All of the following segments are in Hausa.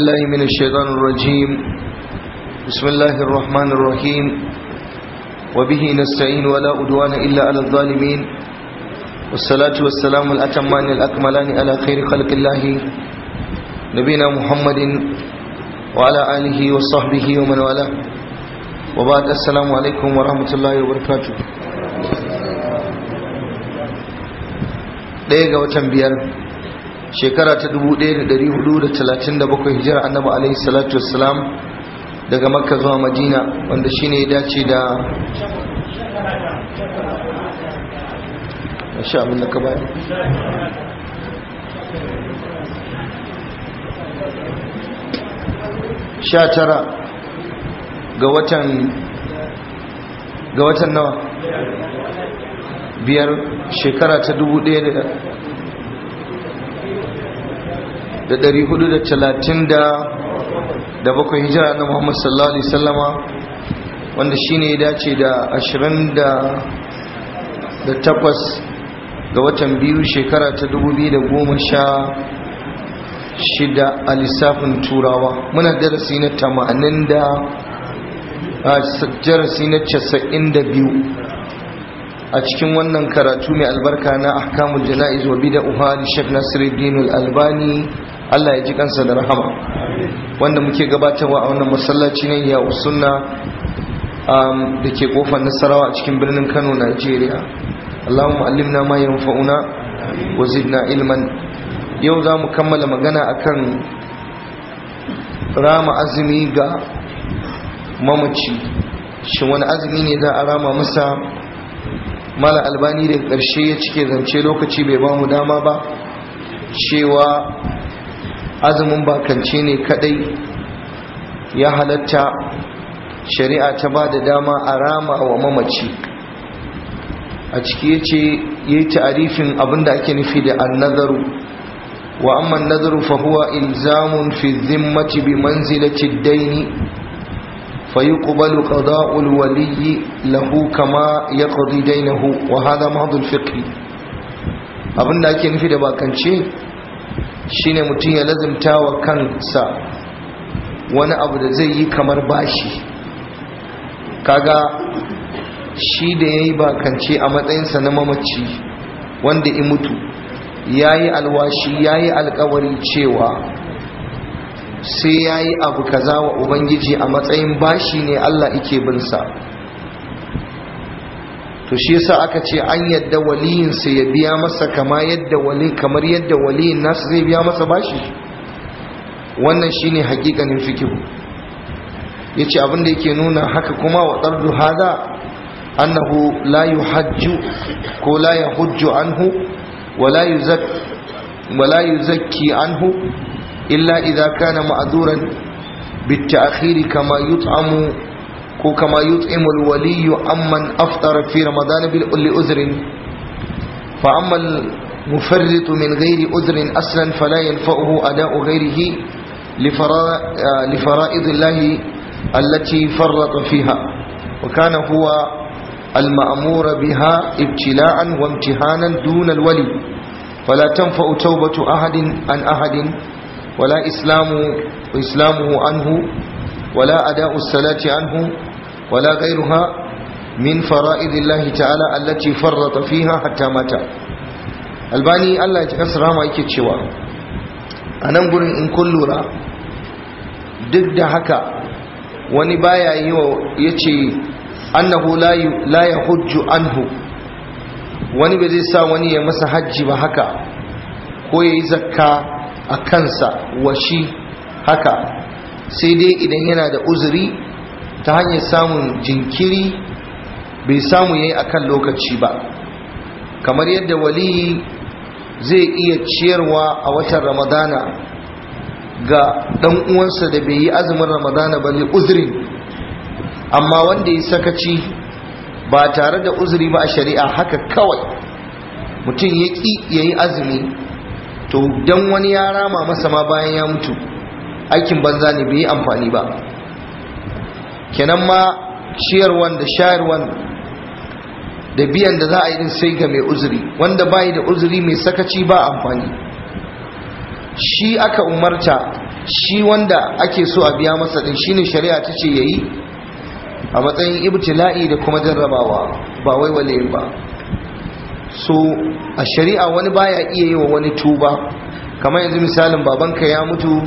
الله من الشيطان الرجيم بسم الله الرحمن الرحيم وبه نستعين ولا أدوان إلا على الظالمين والصلاة والسلام الأتمان الأكملان على خير خلق الله نبينا محمد وعلى آله وصحبه ومن والاه وبعد السلام عليكم ورحمة الله وبركاته ɗaya ga watan biyar shekara ta 1437 hijira annabi alaihi salatu wassalam daga makka zuwa madina wanda shine ya dace da sha abin da ka sha tara ga watan ga watan nawa biyar shekara ta dubu ɗaya da da hudu da da talatin bakwai hijira na Muhammad sallallahu alaihi sallama wanda shi ya dace da ashirin da takwas ga watan biyu shekara ta dubu biyu da goma sha shida a lissafin turawa muna darasi na tamanin da a jarasi na biyu a cikin wannan karatu mai albarka na ahkamul jana'iz wa bid'ah li shek nasiru Al-Albani Allah ya ji kansa da rahama wanda muke gabatarwa a wannan masallaci ne ya usunna um, da ke kofar nasarawa a cikin birnin Kano Najeriya Allahumma allimna ma yanfa'una wa zidna ilman yau za mu kammala magana akan rama azumi ga mamaci shi wani azumi ne za a rama masa mala albani daga ƙarshe ya cike zance lokaci bai ba mu dama ba cewa azumin bakance ne kadai ya halatta shari'a ta ba da dama a rama wa mamaci a ciki ya ce ya yi ta'arifin abinda ake nufi da annazaru wa amma nazaru fa huwa ilzamun fi zimmati bi manzilati daini fa yuqbalu qada'ul waliyyi lahu kama yaqdi dainahu wa hadha mahdhu al abinda ake nufi da bakance shine mutum ya lazimta wa kansa wani abu da zai yi kamar bashi kaga shi da ya yi bakance a matsayinsa na mamaci wanda in mutu ya yi alwashi ya yi alkawari cewa sai ya yi abu kaza wa ubangiji a matsayin bashi ne allah ike binsa to shi yasa aka ce an yadda waliyin sa ya biya masa kama yadda wali kamar yadda waliyin nasu zai biya masa bashi wannan shine hakikanin fikihu yace abin da yake nuna haka kuma wa tardu hada annahu la yuhajju ko la yahujju anhu wala yuzak wala yuzakki anhu illa idza kana ma'duran bit ta'khiri kama yut'amu ko kama yut'imul waliyu amman aftara fi ramadan bil kulli fa amma al mufarrit min gairi uzrin aslan fala yanfa'uhu ada'u ghairihi li fara'id Allah allati farrata fiha wa huwa al ma'mura biha ibtila'an wa imtihanan duna al wali فلا تنفع توبة أحد عن أحد ولا إسلامه, إسلامه عنه ولا أداء الصلاة عنه ولا غيرها من فرائض الله تعالى التي فرط فيها Albani Allah الباني الله يتكسر رحمه yake cewa a nan gurin in kun lura duk da haka wani baya yi ya ce annahu la ya hujju anhu wani ba zai sa wani ya masa hajji ba haka ko ya yi zakka a kansa wa shi haka sai dai idan yana da uzuri ta hanyar samun jinkiri bai samu yayi akan lokaci ba kamar yadda waliyi zai iya ciyarwa a watan ramadana ga dan uwansa da bai yi azumin ramadana ba ne uzuri amma wanda ya sakaci ba tare da uzuri ba a shari'a haka kawai mutum ya ƙi ya yi azumi to don wani ya rama masa ma bayan ya mutu aikin banza ne bai yi amfani ba kenan ma ciyarwan da shayarwan da biyan da za a yi din sai ga mai uzuri wanda bayi da uzuri mai sakaci ba amfani shi aka umarta shi wanda ake so a biya masa din shine shari'a ta ce yayi a matsayin ibtila'i da kuma jarrabawa ba wai wale ba so a shari'a wani baya iya yi wa wani tuba kamar yanzu misalin babanka ya mutu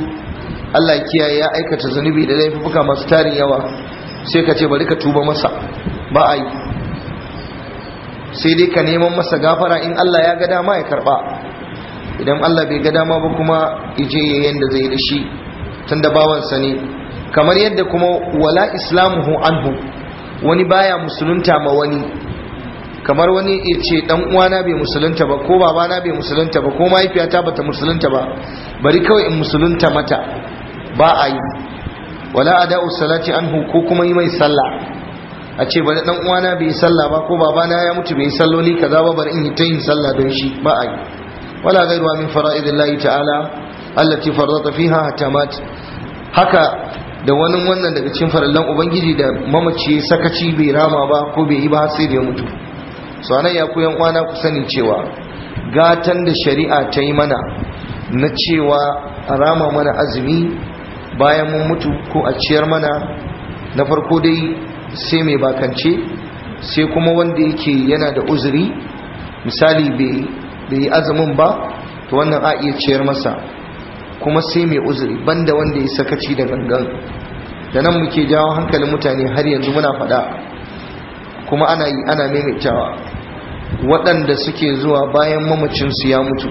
Allah kiyaye ya aikata zunubi da laifuka masu tarin yawa sai ka ce bari ka tuba masa ba a yi sai dai ka neman masa gafara in Allah ya ga dama ya karba idan Allah bai ga dama ba kuma ije yayin da zai da shi tunda bawansa ne kamar yadda kuma wala islamuhu anhu wani baya musulunta ma wani kamar wani ya ce dan uwana bai musulunta ba ko babana bai musulunta ba ko mahaifiyata bata musulunta ba bari kawai in musulunta mata ba a yi wala ada'u salati anhu ko kuma yi mai sallah a ce bari dan uwana bai yi sallah ba ko babana ya mutu bai yi salloli kaza ba bari in yi ta yin sallah don shi ba a yi wala gairuwa min fara'idillahi ta'ala allati farata fiha hatta mat haka da wani wannan daga cikin farallan ubangiji da mamaci sakaci bai rama ba ko bai yi ba har sai da ya mutu so anan ya ku yan uwana ku sani cewa gatan da shari'a ta yi mana na cewa rama mana azumi bayan mun mutu ko a ciyar mana na farko dai sai mai bakance sai kuma wanda yake yana da uzuri misali bai yi azumin ba to wannan a iya ciyar masa kuma sai mai uzuri banda wanda ya sakaci da gangan da nan muke jawo hankalin mutane har yanzu muna faɗa kuma ana yi ana maimaitawa waɗanda suke zuwa bayan mamacinsu ya mutu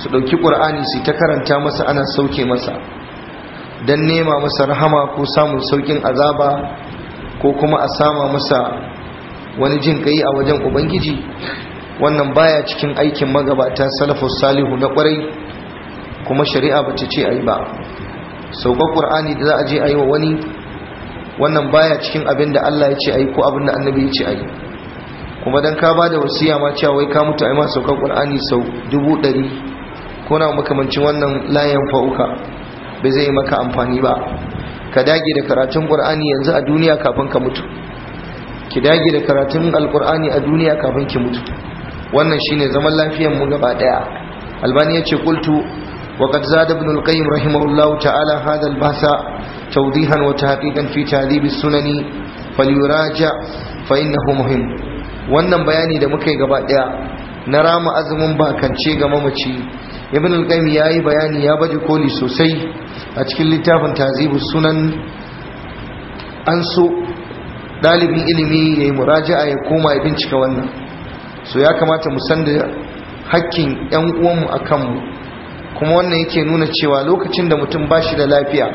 su ɗauki ƙur'ani su ta karanta masa ana sauke masa don nema masa rahama ko samun saukin azaba ko kuma a sama masa wani jin kai a wajen ubangiji wannan baya cikin aikin magabata salafus salihu na kwarai kuma shari'a ba ce a yi ba saukar ƙur'ani da za a je a yi wa wani wannan baya cikin abin da allah ya ce a yi ko abin da annabi ya ce a yi kuma don ka ba da wasiya ma cewa wai ka mutu a yi ma saukar ƙur'ani sau dubu ɗari ko na makamancin wannan layan fa'uka ba zai maka amfani ba ka dage da karatun qur'ani yanzu a duniya kafin ka mutu ki dage da karatun alqur'ani a duniya kafin ki mutu wannan shine zaman lafiyar mu gaba daya albani yace qultu wa qad zada ibn al-qayyim rahimahullahu ta'ala hadha al-bahsa tawdihan wa tahqiqan fi ta'dib as-sunani falyuraja fa innahu muhim wannan bayani da muka yi gaba daya na rama azumin bakance ga mamaci ibn al-qayyim yayi bayani ya baje koli sosai a cikin littafin tazibu sunan an so dalibin ilimi yayi muraja'a ya koma ya bincika wannan so ya kamata mu san da hakkin yan uwanmu akan mu kuma wannan yake nuna cewa lokacin da mutum bashi da lafiya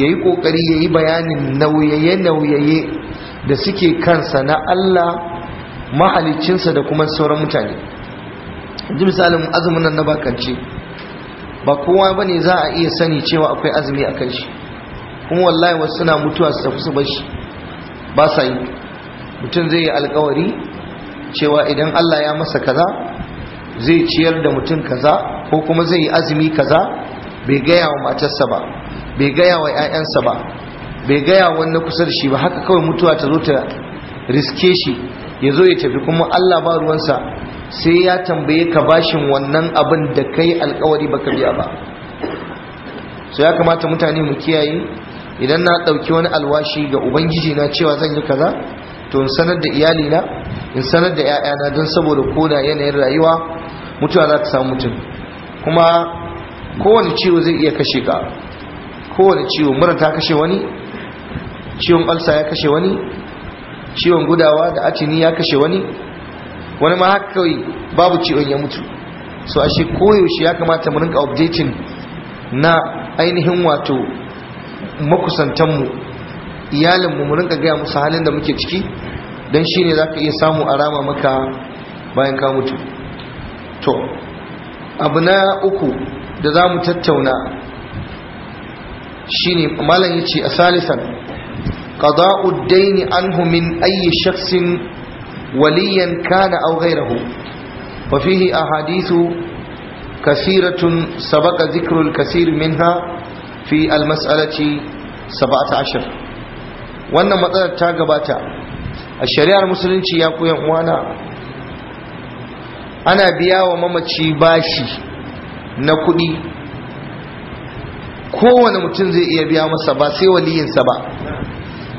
yayi kokari yayi bayanin nauyaye nauyaye da suke kansa na Allah mahalicinsa da kuma sauran mutane ji misalin azumin nan na bakance ba kowa ba ne za a iya sani cewa akwai azumi a kan shi kuma wallahi wasu suna mutuwa su tafi su bar ba sa yi mutum zai yi alkawari cewa idan allah ya masa kaza zai ciyar da mutum kaza ko kuma zai yi azumi kaza bai gaya wa matarsa ba bai gaya wa 'ya'yansa ba bai gaya wa wani kusa da shi ba haka kawai mutuwa ta zo ta riske shi ya zo ya tafi kuma allah ba ruwansa sai ya tambaye ka bashin wannan abin da kai alkawari baka biya ba so ya kamata mutane mu kiyaye idan na ɗauki wani alwashi ga ubangiji na cewa zan yi kaza to in sanar da iyali na in sanar da 'ya'yana don saboda koda yanayin rayuwa mutuwa za ta samu mutum kuma kowane ciwo zai iya kashe ka kowane ciwo mura ta kashe wani ciwon alsa ya kashe wani ciwon gudawa da atini ya kashe wani wani ma haka kawai babu ciwon ya mutu so ashe koyaushe ya kamata mu rinka updating na ainihin wato makusantanmu iyalinmu mu rinka gaya musu halin da muke ciki don shi ne za ka iya samu arama rama maka bayan ka mutu to abu na uku da za mu tattauna shine ne malam ya ce a salisan ƙada'ud daini anhu min ayyi shaksin وليا كان أو غيره وفيه أحاديث كثيرة سبق ذكر الكثير منها في المسألة سبعة عشر وأن مطلع تاقباتا الشريعة المسلمين يقول يا أخوانا أنا بيا وماما باشي نقولي kowane mutum zai iya biya masa ba sai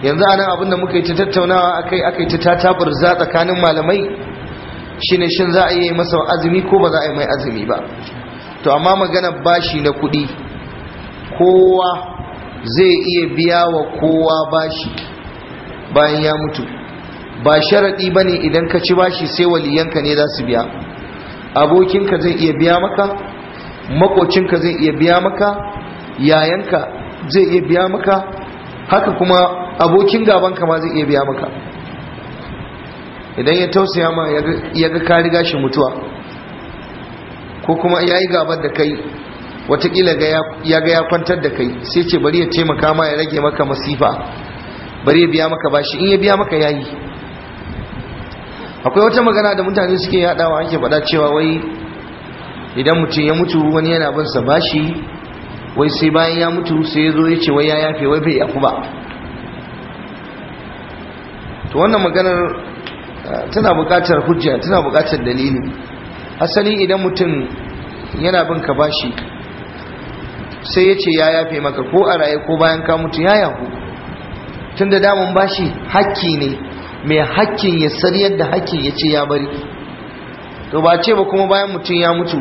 yanzu anan da muka yi ta tattaunawa akai akai ta tatabar za tsakanin malamai shine shin za a yi masa azumi ko ba za a yi mai azumi ba to amma magana bashi na kuɗi kowa zai iya biya wa kowa bashi bayan ya mutu ba sharaɗi ba ne idan ka ci bashi sai waliyanka ne za su biya abokinka zai iya biya maka makocinka zai iya biya maka yayanka zai iya biya maka haka kuma abokin gaban ka ma zai iya biya maka idan ya tausaya ma ya ga kari gashi mutuwa ko kuma ya yi gabar da kai watakila ya ga ya kwantar da kai sai ce bari ya taimaka ma ya rage maka masifa bari ya biya maka bashi in ya biya maka ya yi akwai wata magana da mutane suke yadawa ake faɗa cewa wai idan mutum ya mutu wani yana bin sa bashi wai sai bayan ya mutu sai ya zo ya ce wai ya yafe wai bai yafi ba to wannan maganar ah, tana buƙatar hujja tana bukatar dalili asali idan mutum yana bin ka bashi sai ya ce ya yafe maka ko a raye ko bayan ka mutu ya yahu tun da damun bashi hakki ne mai hakkin ya sariyar da hakkin ya ce ya bari to ba ce ba kuma bayan mutum ya mutu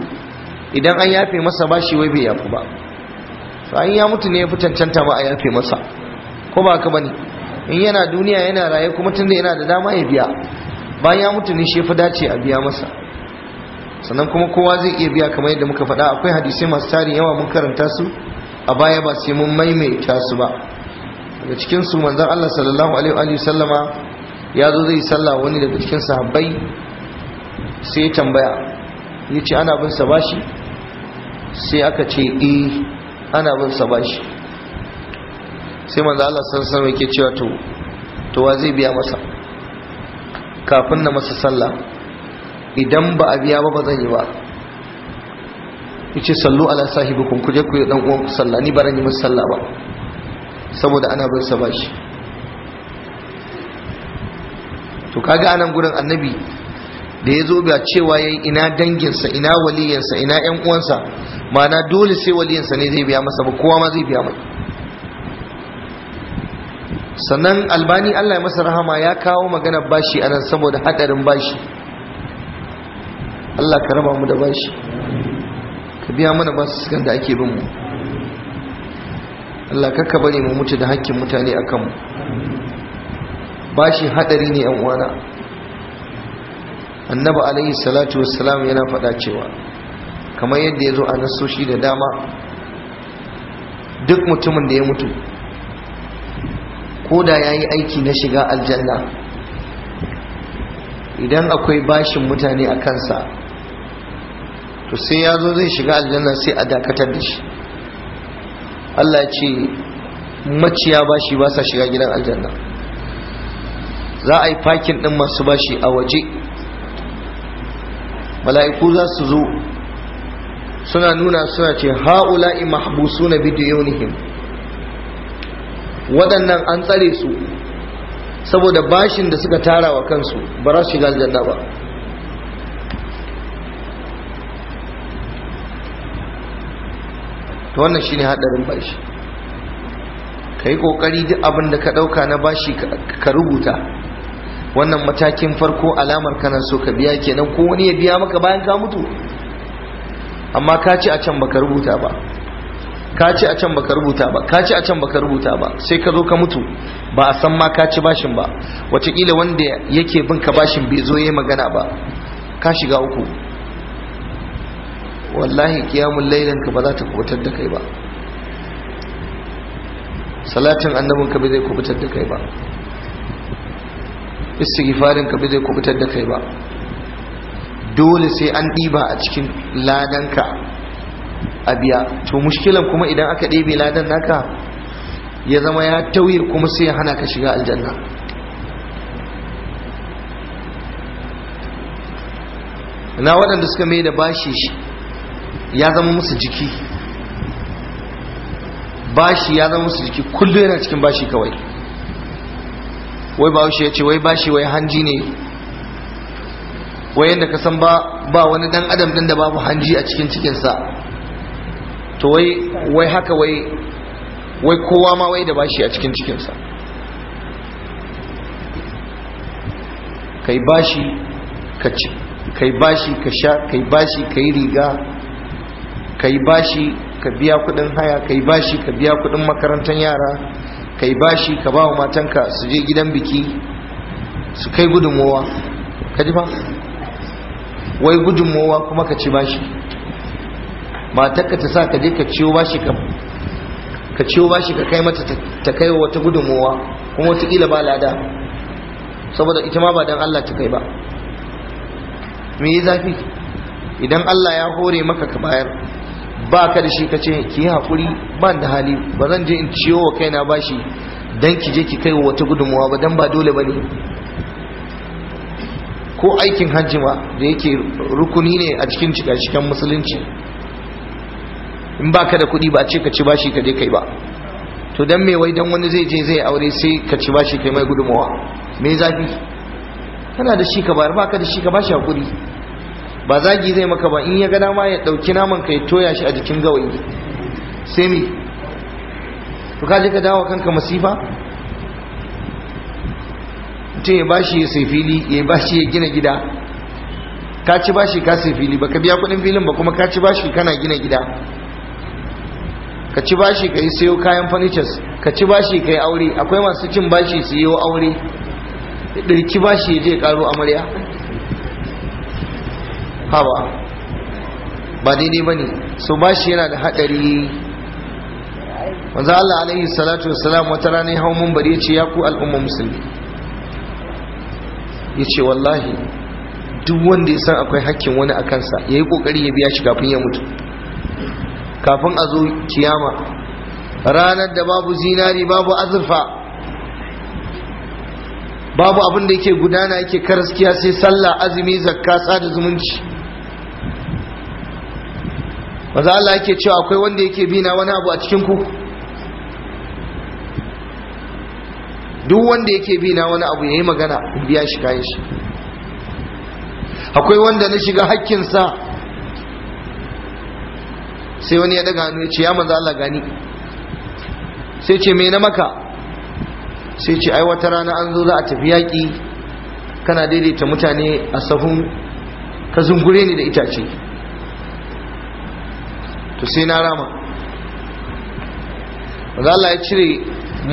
idan an yafe masa bashi wai bai yafu ba to an ya mutu ne ya fi cancanta ba a yafe masa ko ba ka bane in yana duniya yana raye kuma tunda yana da dama ya biya bayan ya mutu ne shi fi dace a biya masa sannan kuma kowa zai iya biya kamar yadda muka faɗa akwai hadisai masu tarin yawa mun karanta su a baya ba sai mun maimaita su ba daga cikin su manzon Allah sallallahu alaihi wa sallama ya zo zai salla wani daga cikin sahabbai sai ya tambaya ya ce ana bin sa bashi sai aka ce eh ana bin sa bashi sai manzo Allah sallallahu alaihi yake cewa to to wa zai biya masa kafin na masa sallah idan ba a biya ba ba zan yi ba yace sallu ala sahibikum kuje ku dan uwan ku sallah ni baran yi masa sallah ba saboda ana bin sa bashi to kaga anan gurin annabi da ya zo ga cewa ya yi ina danginsa ina waliyansa ina 'yan uwansa ma'ana dole sai waliyansa ne zai biya masa ba kowa ma zai biya mai sannan albani Allah ya masa rahama ya kawo magana bashi anan saboda hadarin bashi Allah ka raba mu da bashi ka biya mana basu sukan da ake bin mu Allah kakka bari mu mutu da hakkin mutane a kanmu bashi hadari ne yan uwana Annaba alaihi salatu wassalam yana faɗa cewa kamar yadda ya zo a nasoshi da dama duk mutumin da ya mutu Koda ya yi aiki na shiga aljanna idan akwai bashin mutane a kansa to sai ya zo zai shiga aljanna sai a dakatar da shi allah ce maciya bashi ba sa shiga gidan aljanna za a yi fakin din masu bashi a waje mala'iku za su zo suna nuna suna ce ha'ula'i mahbusu na bidiyonihim waɗannan an tsare su saboda bashin da suka tara wa kansu ba za su shiga aljanna ba to wannan shine hadarin bashi kai kokari duk abin da ka ɗauka na bashi ka rubuta wannan matakin farko alamar kana so ka biya kenan ko wani ya biya maka bayan ka mutu amma ka ci a can baka rubuta ba ka ci a can baka rubuta ba ka ci a can baka rubuta ba sai ka zo ka mutu ba a san ma ka ci bashin ba watakila wanda yake bin ka bashin bai zo yayi magana ba ka shiga uku wallahi kiyamun lailan ka ba za ta kubutar da kai ba salatin annabin ka bai zai kubutar da kai ba istighfarin ka bai zai kubutar da kai ba dole sai an ɗiba a cikin ladanka a biya to mushkilan kuma idan aka ɗebe ladan naka ya zama ya tauye kuma sai ya hana ka shiga aljanna na waɗanda suka mai da bashi ya zama musu jiki bashi ya zama musu jiki kullum yana cikin bashi kawai wai ba ya ce wai bashi wai hanji ne wai yadda ka san ba wani dan adam ɗin da babu hanji a cikin cikinsa to wai wai haka wai wai kowa ma wai da bashi a cikin cikinsa kai bashi ka ci kai bashi ka sha kai bashi ka yi riga kai bashi ka biya kudin haya kai bashi ka biya kudin makarantar yara kai bashi ka ba wa matanka su je gidan biki su kai gudunmowa ka ji ba wai gudunmowa kuma ka ci bashi matarka ta sa ka je ka ciyo bashi ka ka bashi kai mata ta kai wata gudunmowa kuma kila ba lada saboda ita ma ba don Allah ta kai ba me yi zafi idan Allah ya hore maka ka bayar ba ka da shi ka ce ki yi haƙuri ban da hali ba zan je in ciwo wa kaina bashi don ki je ki kai wata gudunmowa ba don ba dole ba ne ko aikin hajji ma da yake rukuni ne a cikin cika musulunci in baka da kuɗi ba a ce ka ci bashi ka je kai ba to dan me wai dan wani zai je zai aure sai ka ci bashi kai mai gudumawa me zafi kana da shi ka bayar baka da shi ka bashi haƙuri. ba zagi zai maka ba in ya ga dama ya dauki naman ka ya toya shi a jikin gawayi sai me to ka je ka dawo kanka masifa mutum ya bashi ya sai fili ya bashi ya gina gida ka ci bashi ka sai fili baka biya kuɗin filin ba kuma ka ci bashi kana gina gida ka ci bashi ka yi siyo kayan furnitures ka ci bashi ka yi aure akwai masu cin bashi su yi aure ɗirki bashi ya je karo amarya haba ba daidai ba ne su bashi yana da haɗari wanzu Allah alaihi salatu wasalam wata ranar hau mun bari ce ya ku al'umma musulmi ya ce wallahi duk wanda ya san akwai hakkin wani a kansa ya yi ƙoƙari ya biya shi kafin ya mutu kafin a zo kiyama ranar da babu zinari babu azurfa babu abin da yake gudana yake karaskiya sai sallah azumi zakka sada zumunci maza Allah yake cewa akwai wanda yake bina wani abu a cikin ku duk wanda yake bina wani abu ya yi magana biya shi kayan shi akwai wanda na shiga hakkinsa sai wani ya daga hannu ya ce ya manzo Allah gani sai ce me na maka sai ce ai wata rana an zo za a tafi yaƙi kana daidaita mutane a sahun ka zungure ni da itace to sai na rama manzo Allah ya cire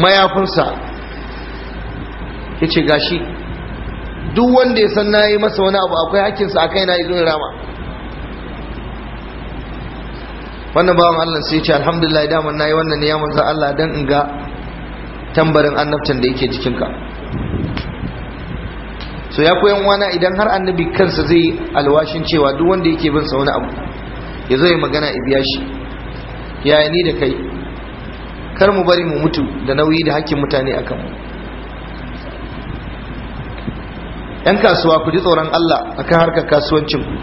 mayafinsa ya ce gashi duk wanda ya san na yi masa wani abu akwai hakkinsa a kaina na yi ya rama wannan bawan Allah sai ce alhamdulillah daman nayi wannan ne ya manzo Allah dan in ga tambarin annabtan da yake jikinka so ya koyan wana idan har annabi kansa zai alwashin cewa duk wanda yake bin sa wani abu ya zo ya magana ya biya shi yaya ni da kai kar mu bari mu mutu da nauyi da hakkin mutane akan mu yan kasuwa ku ji tsoron Allah akan harkar kasuwancin ku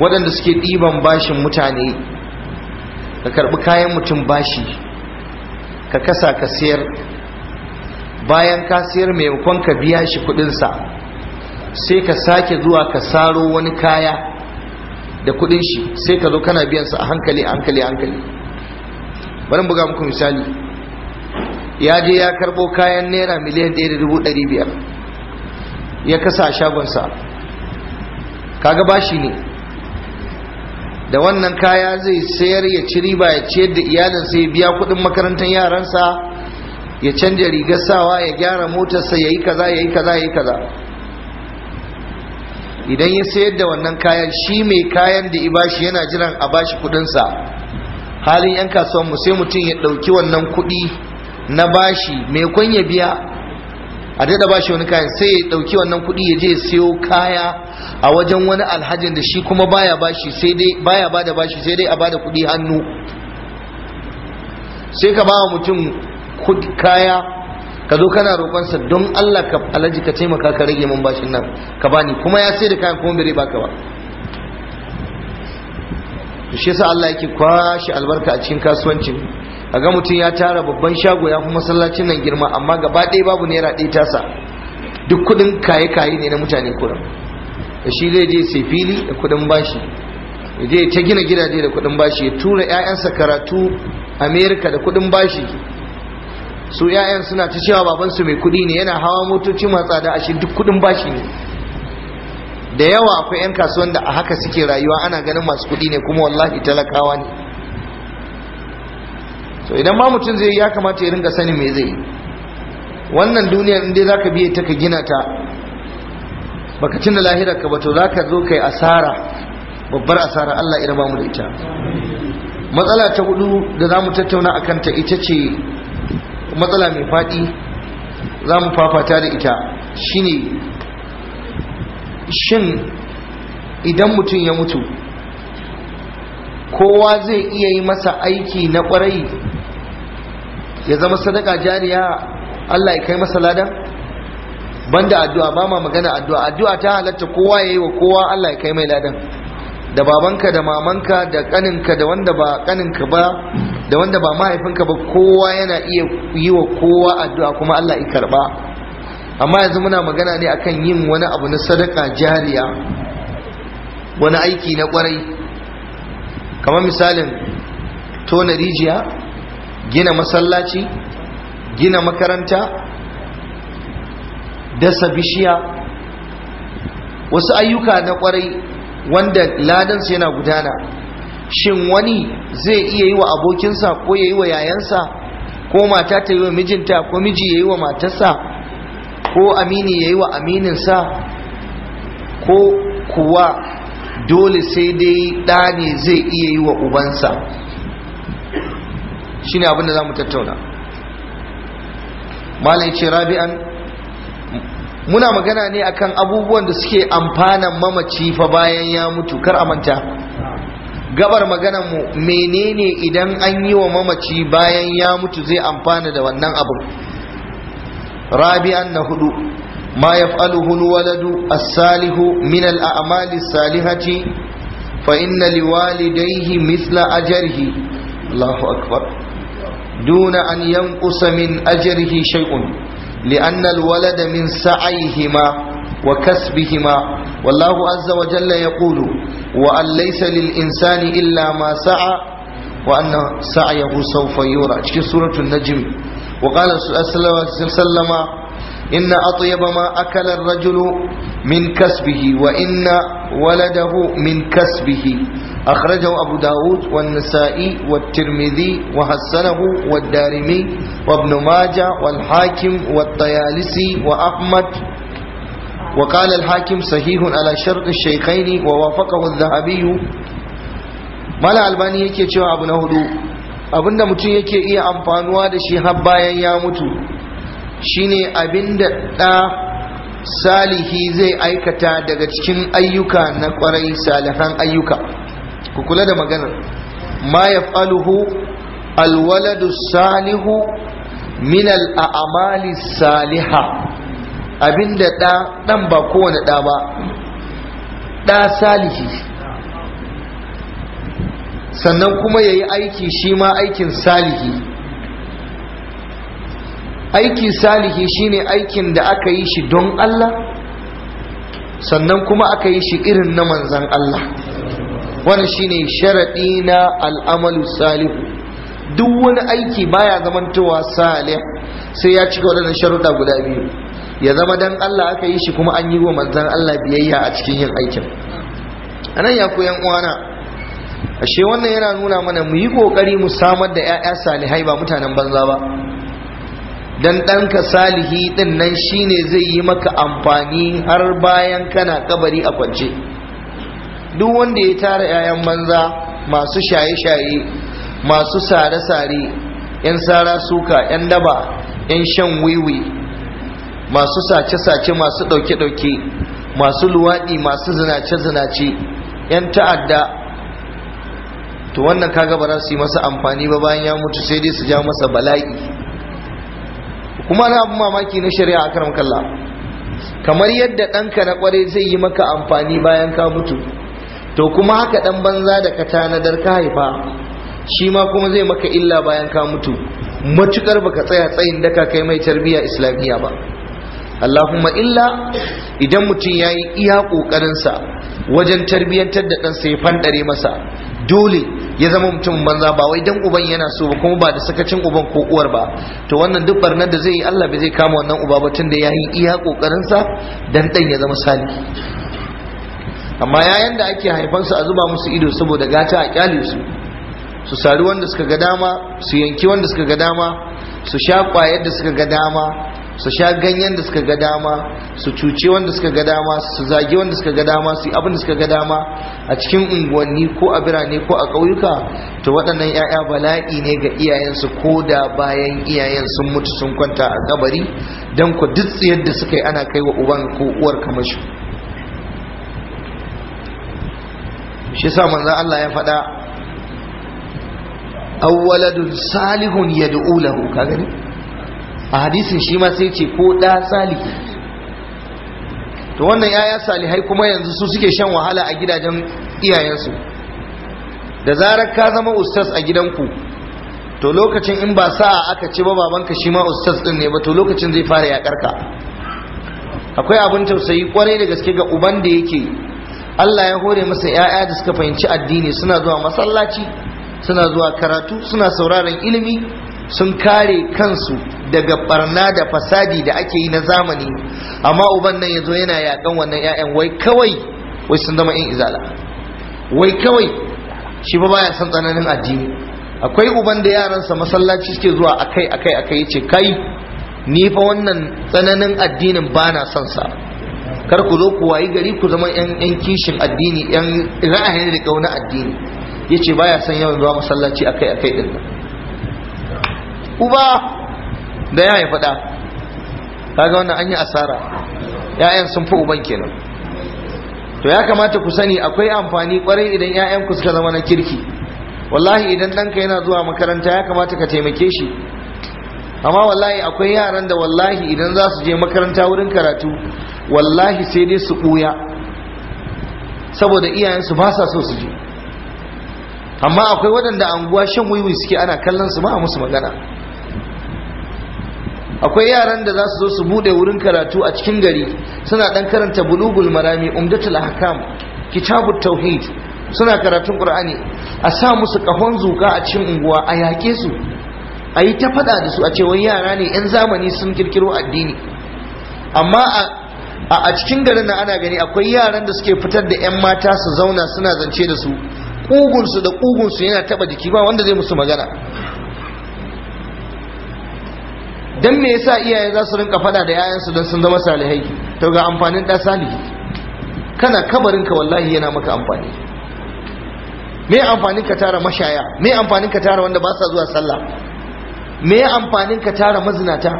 waɗanda suke ɗiban bashin mutane ka karɓi kayan mutum bashi ka kasa ka siyar bayan ka siyar maimakon ka biya shi kuɗinsa sai ka sake zuwa ka saro wani kaya da kuɗin shi sai ka zo kana biyansa a hankali hankali hankali bari buga muku misali ya je ya karɓo kayan naira miliyan ɗaya da dubu ɗari biyar ya kasa a shagonsa kaga bashi ne da wannan kaya zai sayar ya ci riba ya ciyar da iyalinsa ya biya kuɗin makarantar yaransa ya canja rigar sawa ya gyara motarsa ya yi kaza ya kaza ya kaza idan ya sayar da wannan kayan shi mai kayan da bashi yana jiran a bashi sa halin 'yan mu sai mutum ya ɗauki wannan kuɗi na bashi mai ya biya a daɗa ba shi wani kayan sai ya ɗauki wannan kuɗi ya je siyo kaya a wajen wani alhajin da shi kuma baya shi sai dai baya ba bashi sai dai a bada kuɗi hannu sai ka bawa mutum kaya ka zo kana roƙonsa don Allah ka alaji ka taimaka ka rage min bashin nan ka bani kuma ya sai da kayan kuma bai baka ba shi yasa Allah yake kwashi albarka a cikin kasuwancin a ga mutum ya tara babban shago ya fi masallacin nan girma amma gaba ɗaya babu naira ɗaya tasa duk kuɗin kaye-kaye ne na mutane kuran da shi zai je sai fili da kuɗin bashi je ta gina gidaje da kuɗin bashi ya tura 'ya'yansa karatu amerika da kuɗin bashi su 'ya'yan suna ta cewa babansu mai kuɗi ne yana hawa motoci masu tsada ashe duk kuɗin bashi ne da yawa akwai 'yan kasuwan da a haka suke rayuwa ana ganin masu kuɗi ne kuma wallahi talakawa ne so idan ma mutum zai ya kamata ya ringa sani mai zai wannan duniyar inda za ka biya ta ka gina ta baka cin da lahirar ka ba to za ka zo kai asara babbar asara Allah ira ba mu da ita matsala ta hudu da za mu tattauna a kanta ita ce matsala mai faɗi za mu fafata da ita shine shin idan mutum ya mutu kowa zai iya yi masa aiki na kwarai. ya zama sadaka jariya Allah ya kai masa ladan banda addu'a ba ma magana addu'a addu'a ta halatta kowa ya wa kowa Allah ya kai mai ladan da babanka da mamanka da kaninka da wanda ba kaninka ba da wanda ba mahaifinka ba kowa yana iya yi wa kowa addu'a kuma Allah ya karba amma yanzu muna magana ne akan yin wani abu na sadaka jariya wani aiki na kwarai kamar misalin tona rijiya gina masallaci gina makaranta dasa bishiya wasu ayyuka na kwarai wanda Ladansu yana gudana shin wani zai iya yi wa abokinsa ko ya yi wa yayansa ko mata ta yi wa mijinta ko miji ya yi wa matarsa ko amini ya yi wa amininsa ko kuwa dole sai dai ɗa zai iya yi wa ubansa shine abin da zamu tattauna malai ce rabi'an muna magana ne akan abubuwan da suke amfanan mamaci fa bayan ya mutu kar a manta gabar maganar mu menene idan an yi wa mamaci bayan ya mutu zai amfana da wannan abin rabi'an na hudu as-salihu min al-a'mali salihati fa inna liwalidayhi مثل ajrihi Allahu akbar دون أن ينقص من أجره شيء لأن الولد من سعيهما وكسبهما والله عز وجل يقول وأن ليس للإنسان إلا ما سعى وأن سعيه سوف يرى في سورة النجم وقال صلى الله عليه وسلم إن أطيب ما أكل الرجل من كسبه وإن ولده من كسبه أخرجه أبو داود والنسائي والترمذي وحسنه والدارمي وابن ماجة والحاكم والطيالسي وأحمد وقال الحاكم صحيح على شرط الشيخين ووافقه الذهبي ما الألباني يكي أبو نهدو abinda mutum yake iya amfanuwa da shi har bayan ya mutu shine abinda ɗa salihi zai aikata daga cikin ayyuka na kwarai salihan ayyuka ku kula da maganar ma Faluhu, alwaladu salihu min al'amali saliha abinda ɗa ɗan ba kowane ɗa ba ɗa salihi sannan kuma ya yi aiki shi ma aikin salihi aiki salihi shine aikin da aka yi shi don Allah sannan kuma aka yi shi irin na manzan Allah wannan shine sharaɗi na al'amalu salihu duk wani aiki baya zamantowa salih sai ya cika waɗannan sharuɗa guda biyu ya zama dan Allah aka yi shi kuma an yi wa manzan Allah biyayya a cikin yin aikin anan ya koyan uwana ashe wannan yana nuna mana mu yi kokari mu samar da 'ya'ya salihai ba mutanen banza ba dan ɗanka salihi ɗin nan shine zai yi maka amfani har bayan kana kabari a kwance duk wanda ya tara 'ya'yan banza masu shaye-shaye masu sare-sare 'yan sara suka 'yan daba 'yan shan wiwi masu sace-sace masu ɗauke-ɗauke masu luwaɗi masu zinace-zinace 'yan ta'adda to wannan kaga ba za su yi masa amfani ba bayan ya mutu sai dai su ja masa bala'i kuma na abin mamaki na shari'a a karam kalla kamar yadda ɗanka na ƙware zai yi maka amfani bayan ka mutu to kuma haka ɗan banza da ka tanadar ka haifa shi ma kuma zai maka illa bayan ka mutu matukar baka tsaya tsayin daka kai mai tarbiyya islamiyya ba Allahumma illa idan mutum ya yi iya ƙoƙarinsa wajen tarbiyyantar da ɗansa ya fanɗare masa dole ya zama mutum banza ba wai dan uban yana so ba kuma ba da sakacin uban ko uwar ba to wannan duk barnar da zai yi Allah bai zai kama wannan uba ba tunda ya yi iya kokarin sa dan dan ya zama sali amma yayan da ake su a zuba musu ido saboda gata a kyale su su sari wanda suka ga dama su yanki wanda suka ga dama su sha kwayar da suka ga dama su sha ganyen da suka ga dama su cuce wanda suka ga dama su zage wanda suka ga dama su abin da suka ga dama a cikin unguwanni ko a birane ko a ƙauyuka to waɗannan 'ya'ya bala'i ne ga iyayensu ko da bayan iyayen sun mutu sun kwanta a kabari don ku duk tsayar da suka yi ana kai wa uban ko uwar kamashi shi sa manzan Allah ya faɗa awwaladun salihun yad'u lahu ka gani a hadisin shi ma sai ce ko ɗa salihi to wannan yaya salihai kuma yanzu su suke shan wahala a gidajen iyayensu da zarar ka zama ustaz a gidanku to lokacin in ba sa'a aka ce ba babanka shi ma ustaz din ne ba to lokacin zai fara yakar ka akwai abin tausayi kwarai da gaske ga uban da yake Allah ya hore masa ‘ya'ya da suka fahimci addini suna zuwa masallaci suna zuwa karatu suna sauraron ilimi sun kare kansu daga barna da fasadi da ake yi na zamani amma uban nan ya yana yakan wannan 'ya'yan wai kawai wai sun zama 'yan izala wai kawai shi ba baya son tsananin addini akwai uban da yaransa masallaci suke zuwa akai akai akai yace kai ni fa wannan tsananin addinin ba na son sa kar ku zo ku wayi gari ku zama 'yan kishin addini 'yan ra'ayin da kauna addini yace baya son yawan zuwa masallaci akai akai din nan uba da ya haifi ɗa kaga wannan an yi asara ‘ya'yan sun fi uban kenan to ya kamata ku sani akwai amfani kwarai idan ‘ya'yan ku suka zama na kirki wallahi idan ɗanka yana zuwa makaranta ya kamata ka taimake shi amma wallahi akwai yaran da wallahi idan za su je makaranta wurin karatu wallahi sai dai su ɓuya saboda iyayensu ba sa so su je amma akwai waɗanda anguwa shan wiwi suke ana kallon su ba a musu magana akwai yaran da za su zo su bude wurin karatu a cikin gari suna dan karanta bulugul marami umdatul ahkam kitabut tauhid suna karatun qur'ani a sa musu kahon zuka a cikin unguwa a yake su a ta fada da su a ce wai yara ne yan zamani sun kirkiro addini amma a cikin garin nan ana gani akwai yaran da suke fitar da yan mata su zauna suna zance da su kugunsu da kugunsu yana taba jiki ba wanda zai musu magana dan me yasa iyaye za su rinka fada da yayansu don sun zama salihai to ga amfanin da salihi kana kabarin ka wallahi yana maka amfani me amfanin ka tara mashaya me amfanin ka tara wanda ba sa zuwa sallah me amfanin ka tara mazinata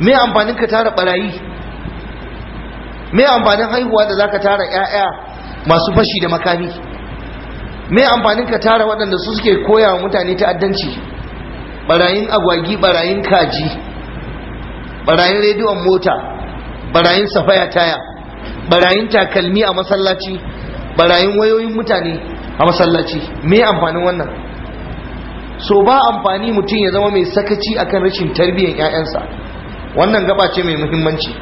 me amfanin ka tara barayi me amfanin haihuwa da zaka tara ƴaƴa masu fashi da makami me amfanin ka tara waɗanda su suke koya wa mutane ta'addanci barayin agwagi barayin kaji barayin rediyon mota barayin safaya taya barayin takalmi a masallaci barayin wayoyin mutane a masallaci me amfanin wannan so ba amfani mutum ya zama mai sakaci akan rashin tarbiyyar 'ya'yansa wannan gaba ce mai muhimmanci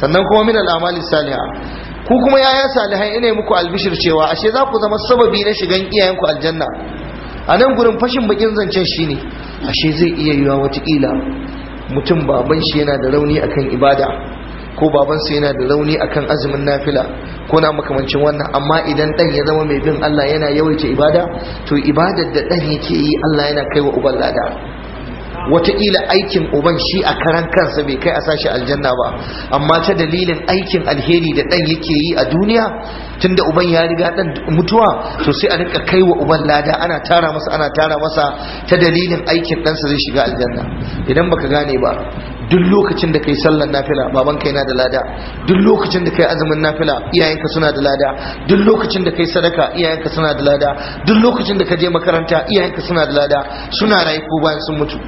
sannan kuma min al'amali saliha ku kuma yaya salihai ina muku albishir cewa ashe za ku zama sababi na shigan iyayenku aljanna a nan gurin fashin bakin zancen shine ashe zai iya yiwa watakila mutum baban shi yana da rauni akan ibada ko babansa yana da rauni akan azumin nafila ko na makamancin wannan amma idan dan ya zama mai bin Allah yana yawaita ibada to ibadar da dan yake yi Allah yana kai wa uban lada wataƙila aikin uban shi a karan kansa bai kai a sashi aljanna ba amma ta dalilin aikin alheri da ɗan yake yi a duniya tunda uban ya riga ɗan mutuwa to sai a rinka kai wa uban lada ana tara masa ana tara masa ta dalilin aikin ɗansa zai shiga aljanna idan baka gane ba duk lokacin da kai sallar nafila baban kai na da lada duk lokacin da kai azumin nafila iyayenka suna da lada duk lokacin da kai sadaka iyayenka suna da lada duk lokacin da ka je makaranta iyayenka suna da lada suna rayu ko bayan sun mutu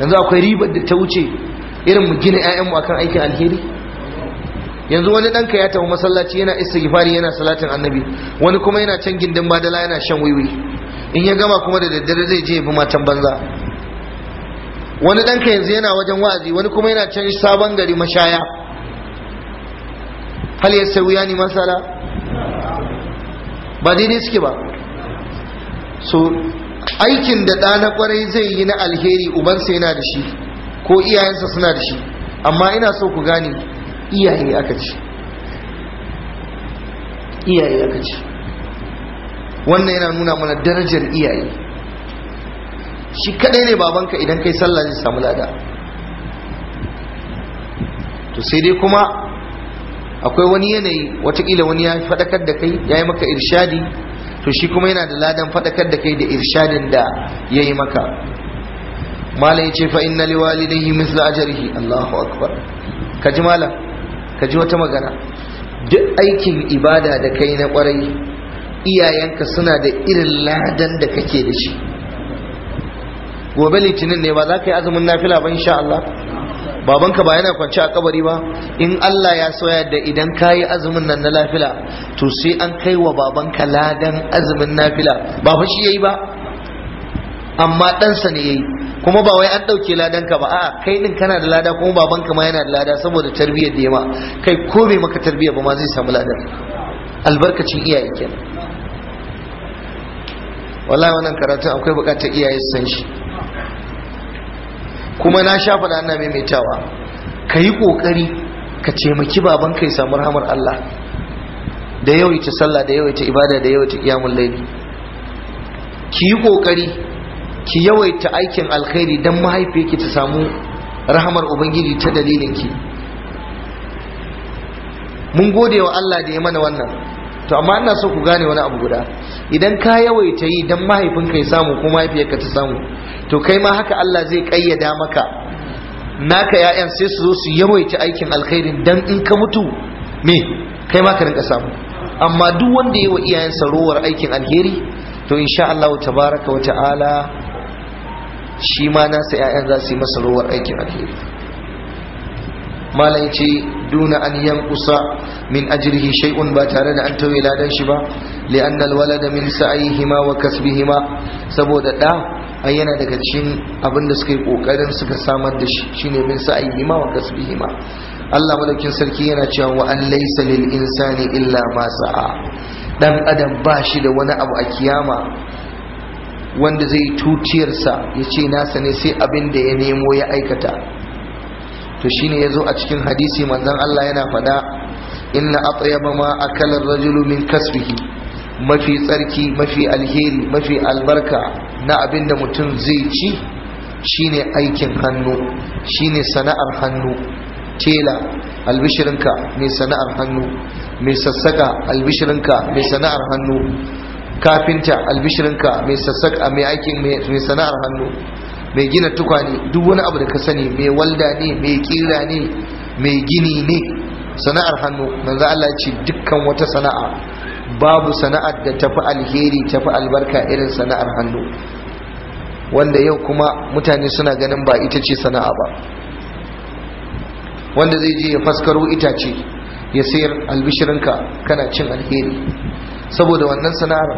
yanzu akwai ribar da ta wuce irin mu gina mu akan aikin alheri yanzu wani ɗanka ya tafi masallaci yana gifari yana salatin annabi wani kuma yana can gindin badala yana shan wiwi in ya gama kuma da daddare zai je bi matan banza wani ɗanka yanzu yana wajen wa'azi wani kuma yana can sabon gari mashaya hal ya sai wuya ni masala ba daidai suke ba so aikin da ɗa kwarai zai yi na alheri ubansa yana da shi ko iyayensa suna da shi amma ina so ku gane iyaye aka ce iyaye aka ce wannan yana nuna mana darajar iyaye shi kadai ne babanka idan kai sallah zai samu lada to sai dai kuma akwai wani yanayi watakila wani ya faɗakar da kai ya yi maka irshadi to shi kuma yana da ladan faɗakar da kai da irshadin da ya yi maka malam ya ce fa inna liwalidayhi mithla ajrihi Allahu akbar kaji malam kaji wata magana duk aikin ibada da kai na kwarai iyayenka suna da irin ladan da kake da shi gobe litinin ne ba za ka yi azumin nafila ba insha Allah babanka ba yana kwance a kabari ba in Allah ya so da idan ka yi azumin nan na lafila to sai an kai wa babanka ladan azumin nafila ba fa shi yayi ba amma ɗansa ne yayi kuma ba wai an ɗauke ladanka ba a'a kai din kana da lada kuma babanka ma yana da lada saboda tarbiyyar da yawa kai ko bai maka tarbiyyar ba ma zai samu ladan albarkacin iyaye kenan wallahi wannan karatun akwai bukatar iyaye su san shi kuma na sha faɗa ana maimaitawa ka yi ƙoƙari ka taimaki baban ka ya samu rahamar Allah da ita sallah da ita ibada da ita iyamun laili ki yi ƙoƙari ki yawaita aikin alkhairi don mahaifiyarki ta samu rahamar ubangiji ta dalilin ki mun gode wa Allah da ya mana wannan to amma ina so ku gane wani abu guda idan ka yawaita yi don mahaifinka ya samu ko mahaifiyarka ta samu to kai ma haka Allah zai kayyada maka naka ya'yan sai su zo su yawaita aikin alkhairin dan in ka mutu me kai ma ka rinka samu amma duk wanda yayi wa iyayensa rowar aikin alheri to insha Allah tabaraka wa ta'ala shi ma nasa ya'yan za su yi masa rowar aikin alheri malam ce duna an yankusa min ajrihi shay'un ba tare da an tauye ladan shi ba li'anna alwalada min sa'ihima wa kasbihima saboda da ai yana daga cikin abinda suka yi kokarin suka samar da shi shine min sa'ihima wa kasbihima Allah madaukin sarki yana cewa wa an laysa lil insani illa ma sa'a dan adam ba shi da wani abu a kiyama wanda zai tutiyarsa ya ce nasa ne sai abin da ya nemo ya aikata to shine yazo a cikin hadisi manzon Allah yana faɗa inna atyaba ma akala ar-rajulu min kasbihi mafi tsarki mafi alheri mafi albarka na abin da mutum zai ci shine aikin hannu shine sana'ar hannu tela albishirinka mai sana'ar hannu mai sassaka albishirinka mai sana'ar hannu kafinta albishirinka mai sassaka mai aikin mai sana'ar hannu mai gina tukwane duk wani abu da ka sani mai walda ne mai kira ne mai gini ne sana'ar hannu manzo Allah ce dukkan wata sana'a babu sana'ar da tafi alheri tafi albarka irin sana'ar hannu wanda yau kuma mutane suna ganin ba ita ce sana'a ba wanda zai je ya faskaro itace ya sayar albishirinka kana cin alheri saboda wannan sana'ar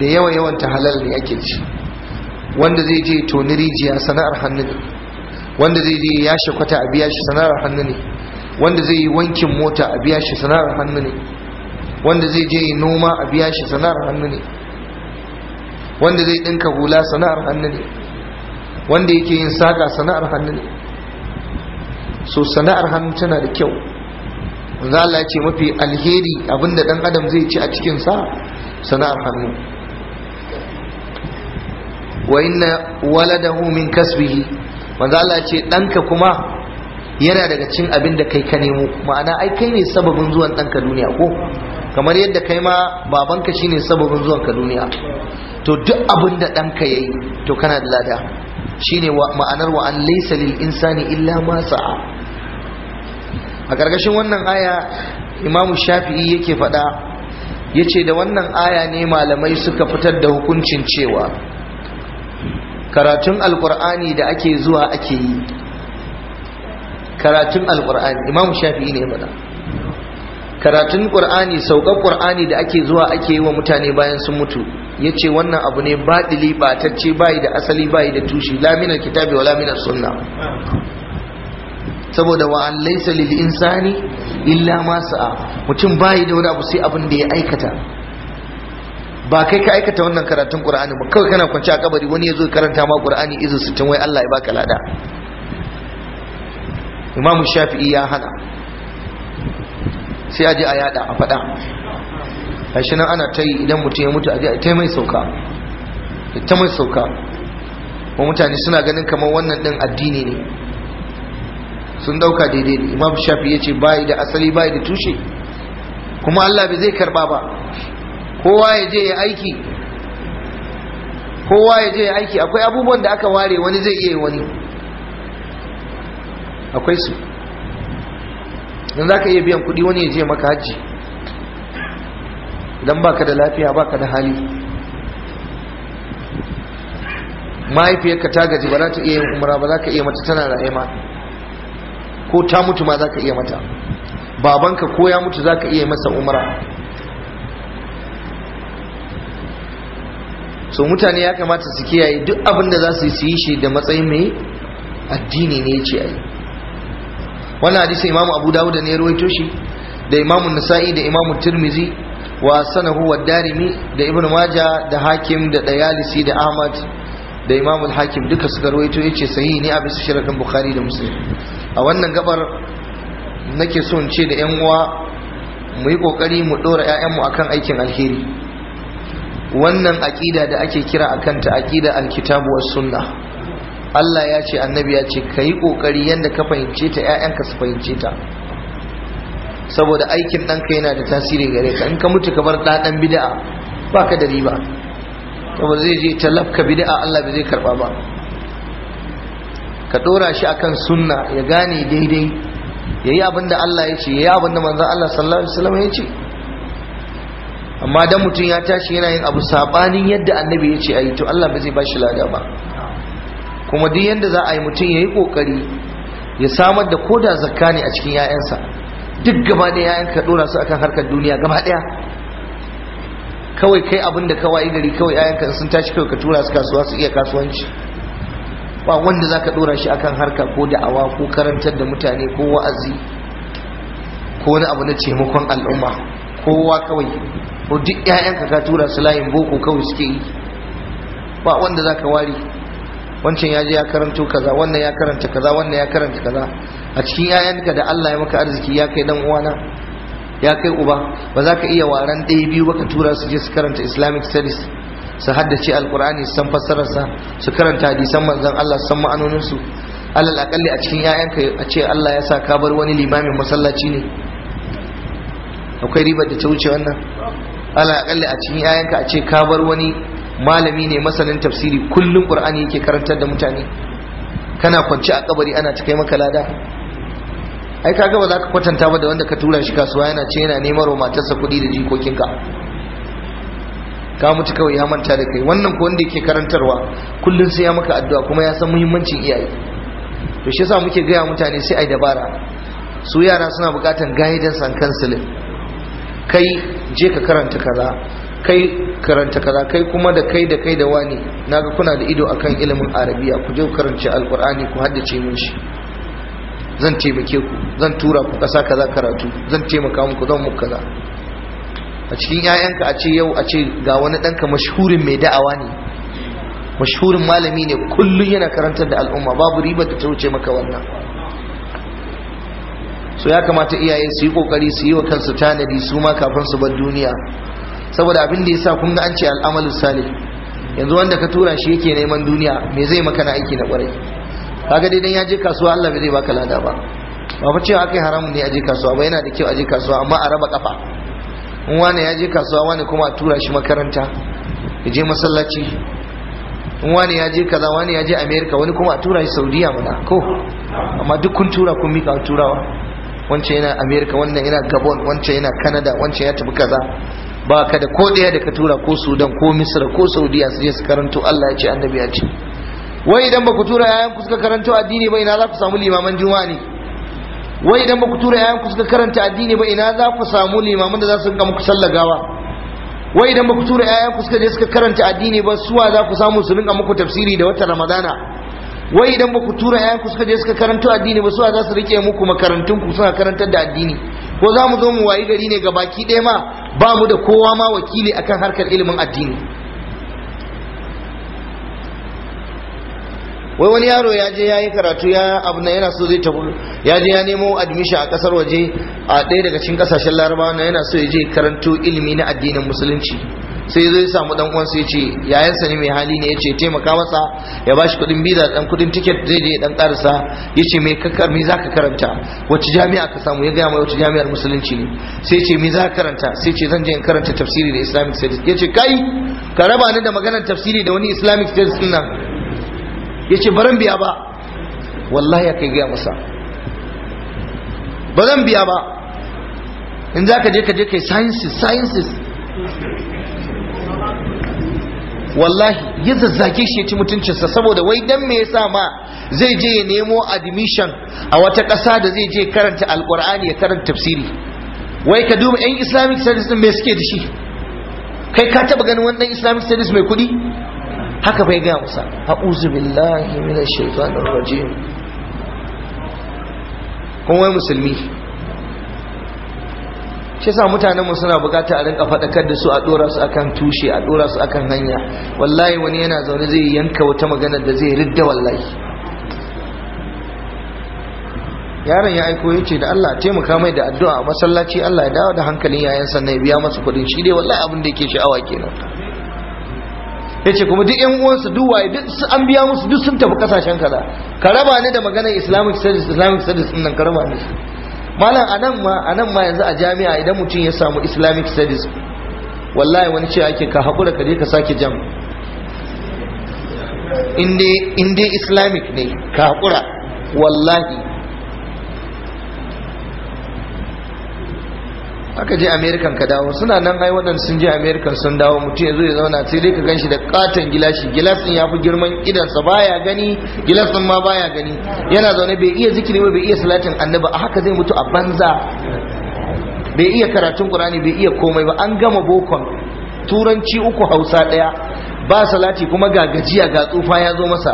da yawa yawan ta halal ne ake ci wanda zai je toni rijiya sana'ar hannu ne wanda zai je ya kwata a biya shi sana'ar hannu ne wanda zai yi wankin mota a biya shi sana'ar hannu ne wanda zai je yi noma a biya shi sana'ar hannu ne wanda zai ɗinka hula sana'ar hannu ne wanda yake yin saƙa sana'ar hannu ne so sana'ar hannu tana da kyau zala ce mafi alheri abinda ɗan adam zai ci a cikinsa sana'ar hannu wa inna waladahu min kasbihi manzo Allah ce ɗanka kuma yana daga cin abin da kai ka nemo ma'ana ai kai ne sababin zuwan ɗanka duniya ko kamar yadda kai ma babanka shine sababin zuwan ka duniya to duk abin da ɗanka ya yi to kana da lada shine ma'anar wa an laysa lil insani illa ma sa'a a ƙarƙashin wannan aya imamu shafi'i yake faɗa yace da wannan aya ne malamai suka fitar da hukuncin cewa karatun alƙur'ani da ake zuwa ake yi karatun alƙur'ani imamu shafi'i ne faɗa karatun qur'ani saukar qur'ani da ake zuwa ake yi wa mutane bayan sun mutu yace wannan abu ne badili batacce bai da asali bai da tushi laminar kitabi wa laminar sunna saboda wa an laysa lil insani illa ma sa'a mutum bai da wani abu sai abin da ya aikata ba kai ka aikata wannan karatun qur'ani ba kawai kana kwance a kabari wani ya zo karanta ma qur'ani izu sittin wai Allah ya baka lada Imam shafi'i ya hana sai a yada a yada a shi nan ana ta yi idan mutum ya mutu a a ta mai sauka ta mai sauka wa mutane suna ganin kamar wannan din addini ne sun dauka daidai ne imam shafi ya ce bayi da asali bayi da tushe kuma allah bai zai karba ba kowa ya je ya aiki kowa ya je ya aiki akwai abubuwan da aka ware wani zai iya yi wani akwai su don za ka iya biyan kuɗi wani ya je maka hajji idan baka da lafiya baka da hali mahaifiyarka ta gaji ba za ta iya yin umara ba za ka iya mata tana raye ma ko ta mutu ma za ka iya mata babanka ko ya mutu za ka iya masa umara? so mutane ya kamata su kiyaye duk abin da za su yi su yi shi da matsayin mai addini ne ce a yi wannan hadisi Imam abu dawud ne rawaito shi da Imam nasa'i da imamu tirmizi wa sanahu wa darimi da ibnu maja da hakim da dayalisi da ahmad da Imam al hakim duka suka rawaito yace sahihi ne a bisa sharakan bukhari da muslim a wannan gabar nake so in ce da yan uwa mu yi kokari mu dora mu akan aikin alheri wannan aqida da ake kira akan ta aqida al-kitabu was sunnah Allah ya ce annabi ya ce ka yi ƙoƙari yadda ka fahimce ta 'ya'yanka su fahimce ta saboda aikin ɗanka yana da tasiri gare ka in ka mutu ka bar ɗaɗan bida'a ba ka da riba ba zai je talabka bida'a Allah ba zai karɓa ba ka ɗora shi akan sunna ya gane daidai ya yi Allah ya ce ya yi manzon Allah sallallahu alaihi wasallam ya ce amma dan mutum ya tashi yana yin abu saɓanin yadda annabi ya ce ayi to Allah ba zai ba shi lada ba kuma duk yanda za a yi mutum ya yi ƙoƙari ya samar da koda zakka ne a cikin 'ya'yansa duk gaba ɗaya 'ya'yanka ka ɗora su akan harkar duniya gaba ɗaya kawai kai abin da kawai gari kawai 'ya'yanka sun tashi kawai ka tura su kasuwa su iya kasuwanci ba wanda za ka ɗora shi akan harka ko da'awa ko karantar da mutane ko wa'azi ko wani abu na taimakon al'umma kowa kawai ko duk 'ya'yanka ka tura su layin boko kawai suke yi ba wanda za ka ware wancan ya je ya karanto kaza wannan ya karanta kaza wannan ya karanta kaza a cikin yayanka da Allah ya maka arziki ya kai dan uwana ya kai uba ba za ka iya waran ɗaya biyu ba ka tura su je su karanta islamic studies su haddace alkur'ani san fassararsa su karanta hadisan manzon Allah san su alal akalli a cikin yayanka a ce Allah ya sa ka bar wani limamin masallaci ne akwai ribar da ta wuce wannan alal akalli a cikin yayanka a ce ka bar wani malami ne masanin tafsiri kullum qur'ani yake karantar da mutane kana kwance a kabari ana ta maka lada ai kaga ba za ka kwatanta ba da wanda ka tura shi kasuwa yana ce yana neman wa matarsa kuɗi da jikokinka ka mutu kawai ya manta da kai wannan ko wanda yake karantarwa kullum sai ya maka addu'a kuma ya san muhimmancin iyaye to shi yasa muke gaya mutane sai ai dabara su yara suna bukatan gaidan san counseling kai je ka karanta kaza kai karanta kaza kai kuma da kai da kai da wani naga kuna da ido akan ilimin arabiya ku je karanta alqur'ani ku haddace min shi zan taimake ku zan tura ku kasa kaza karatu zan taimaka muku zan muku kaza a cikin yayanka a ce yau a ce ga wani ka mashhurin mai da'awa ne mashhurin malami ne kullum yana karantar da al'umma babu ribar da ta wuce maka wannan so ya kamata iyaye su yi kokari su yi wa kansu tanadi su ma kafin su bar duniya saboda abin da yasa kun ga an ce al'amalu salih yanzu wanda ka tura shi yake neman duniya me zai maka na aiki na kwarai kaga dai dan ya je kasuwa Allah bai zai baka lada ba ba fa cewa akai haramun ne a je kasuwa ba yana da kyau a je kasuwa amma a raba kafa in wani ya je kasuwa wani kuma a tura shi makaranta ya je masallaci in wani ya je kaza wani ya je america wani kuma a tura shi saudiya mana ko amma duk kun tura kun mika turawa wancan yana america wannan yana gabon wancan yana canada wancan ya tafi kaza ba ka da ko ɗaya da ka tura ko sudan ko misira ko saudiya su je su karanto allah ya ce annabi ya ce wai idan ba ku tura yayan ku suka karanto addini ba ina za ku samu limaman juma'a ne wai idan ba ku tura yayan ku suka karanta addini ba ina za ku samu limaman da za su rinka muku sallagawa wai idan ba ku tura yayan ku suka je suka karanta addini ba suwa za ku samu su rinka muku tafsiri da wata ramadana wai idan ba ku tura yayan ku suka je suka karanto addini ba suwa za su rike muku makarantun ku suna karantar da addini ko za mu zo mu wayi gari ne ga baki ɗaya ma ba mu da kowa ma wakili akan harkar ilimin addini wai wani yaro ya je ya yi karatu ya abu na yana so zai tabu ya je ya nemo admission a kasar waje a ɗaya daga cikin kasashen larabawa na yana so ya je karanto ilimi na addinin musulunci sai zai samu dan uwansa ya ce sa ne mai hali ne ya ce taimaka masa ya bashi kuɗin biza dan kuɗin tiket zai je dan karasa ya ce me kakar mi zaka karanta wacce jami'a ka samu ya gaya mai wacce jami'ar musulunci ne sai ya ce me zaka karanta sai ya ce zan je in karanta tafsiri da islamic studies ya ce kai ka raba ni da maganar tafsiri da wani islamic studies din nan ya ce baran biya ba wallahi ya kai gaya masa baran biya ba in za ka je ka je kai sciences sciences wallahi ya zazzage shi ya ci mutuncinsa saboda wai dan me yasa ma zai je ya nemo admission a wata ƙasa da zai je karanta alkur'ani ya karanta tafsiri wai ka duba yan islamic studies din me suke da shi kai ka taba ganin wani dan islamic studies mai kuɗi haka bai ga musa a'udhu billahi minash shaitanir rajim Kuma wai musulmi shi sa mutanenmu mu suna bukata a rinka faɗakar da su a ɗora su akan tushe a ɗora su akan hanya wallahi wani yana zaune zai yanka wata magana da zai ridda wallahi yaron ya aiko ya ce da Allah taimaka mai da addu'a a masallaci Allah ya dawo da hankalin yayan sannan ya biya masa kuɗin shi dai wallahi abin da yake sha'awa kenan ya ce kuma duk yan uwansu duk waye duk an biya musu duk sun tafi kasashen kaza ka raba ni da maganar islamic studies islamic studies din nan ka raba ni malam anan ma anan ma yanzu a jami'a idan mutum ya samu islamic studies wallahi wani ce ake ka haƙura ka je ka sake jam indi islamic ne ka haƙura wallahi aka je american ka dawo suna nan ai waɗanda sun je american sun dawo mutum ya zo ya zauna sai dai ka ganshi da katon gilashi gilasin ya fi girman idansa baya gani gilas din ma baya gani yana zaune bai iya zikiri bai iya salatin annabi a haka zai mutu a banza bai iya karatun qur'ani bai iya komai ba an gama bokon turanci uku hausa daya ba salati kuma ga gajiya ga tsufa ya zo masa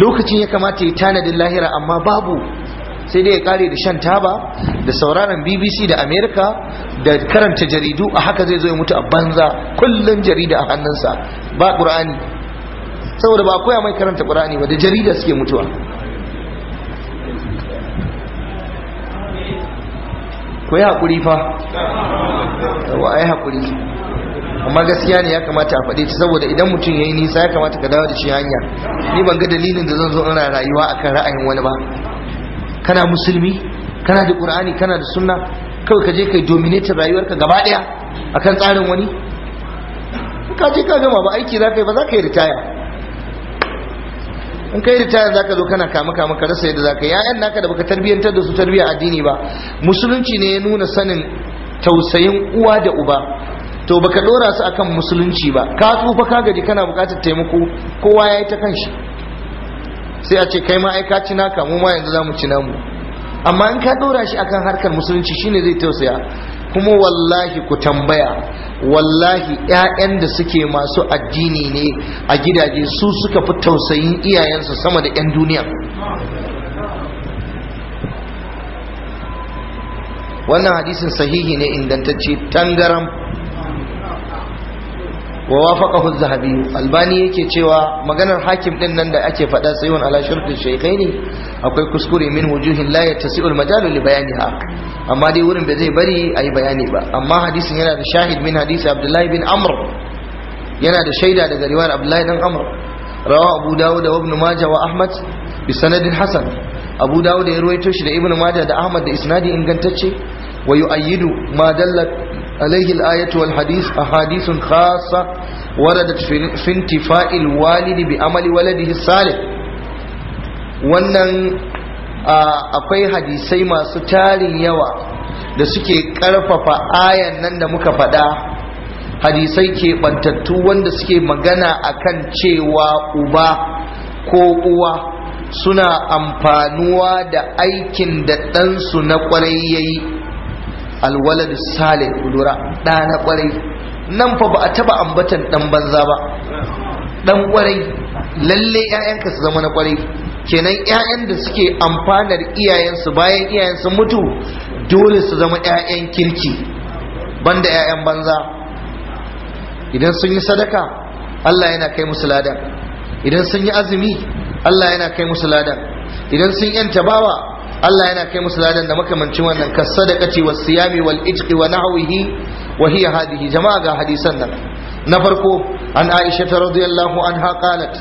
lokacin ya kamata ya tanadin lahira amma babu sai dai ya kare da shan taba da sauraron bbc da america da karanta jaridu a haka zai zo ya mutu a banza kullum jarida a hannunsa ba ƙur'ani saboda ba koya mai karanta ƙur'ani ba da jarida suke mutuwa ku yi haƙuri fa wa a yi haƙuri amma gaskiya ne ya kamata a faɗe ta saboda idan mutum ya yi nisa ya kamata ka dawo da shi hanya ni ban ga dalilin da zan zo ina rayuwa akan ra'ayin wani ba kana musulmi kana da qur'ani kana da sunna kawai ka je kai dominate rayuwarka gaba daya akan tsarin wani ka je ka gama ba aiki za ka yi ba za ka yi ritaya in ka yi ritaya za ka zo kana kama kama ka rasa yadda za ka yi ya'yan naka da baka tarbiyyantar da su tarbiyyar addini ba musulunci ne ya nuna sanin tausayin uwa da uba to baka dora su akan musulunci ba ka tsufa ka gaji kana bukatar taimako kowa yayi yi ta shi. sai a ce kai ma ai ka ci naka mu ma yanzu zamu ci namu amma in ka dora shi akan harkar musulunci shine zai tausaya kuma wallahi ku tambaya wallahi ƴaƴan da suke masu addini ne a gidaje su suka fi tausayin iyayensu sama da ƴan duniya wannan hadisin sahihi ne ingantacce tangaram wa wafaqahu az-zahabi albani yake cewa maganar hakim din nan da ake faɗa tsayuwan ala shurtu shaykhaini akwai kuskure min wujuhin la yattasi'u al-majalu li bayaniha amma dai wurin bai zai bari ayi bayani ba amma hadisin yana da shahid min hadisi abdullahi bin amr yana da shaida daga riwayar abdullahi dan amr rawa abu dawud da ibn majah wa ahmad bi sanadin hasan abu dawud ya ruwaito shi da ibn majah da ahmad da isnadi ingantacce wa yu'ayyidu ma dallat عليه الآية والحديث أحاديث خاصة وردت في انتفاء الوالد بعمل ولده الصالح wannan akwai hadisai masu tarin yawa da suke karfafa ayan nan da muka faɗa hadisai ke bantattu wanda suke magana akan cewa uba ko uwa suna amfanuwa da aikin da ɗansu na ƙwarai yayi alwaladu salih kudura ɗana kwarai ƙwarai nan fa ba a taɓa ambatan ɗan banza ba ɗan ƙwarai lalle 'ya'yanka su zama na ƙwarai kenan 'ya'yan da suke amfanar iyayensu bayan iyayensu mutu dole su zama 'ya'yan kirki banda 'ya'yan banza idan sun yi sadaka Allah yana kai musu ladan idan sun yi azumi Allah yana kai musu ladan idan sun yanta bawa Allah yana kai musu ladan da makamancin wannan ka kaci, wa siyami wal itqi wa nahwihi wa hiya hadihi jama'a ga hadisan nan na farko an Aisha ta radhiyallahu anha qalat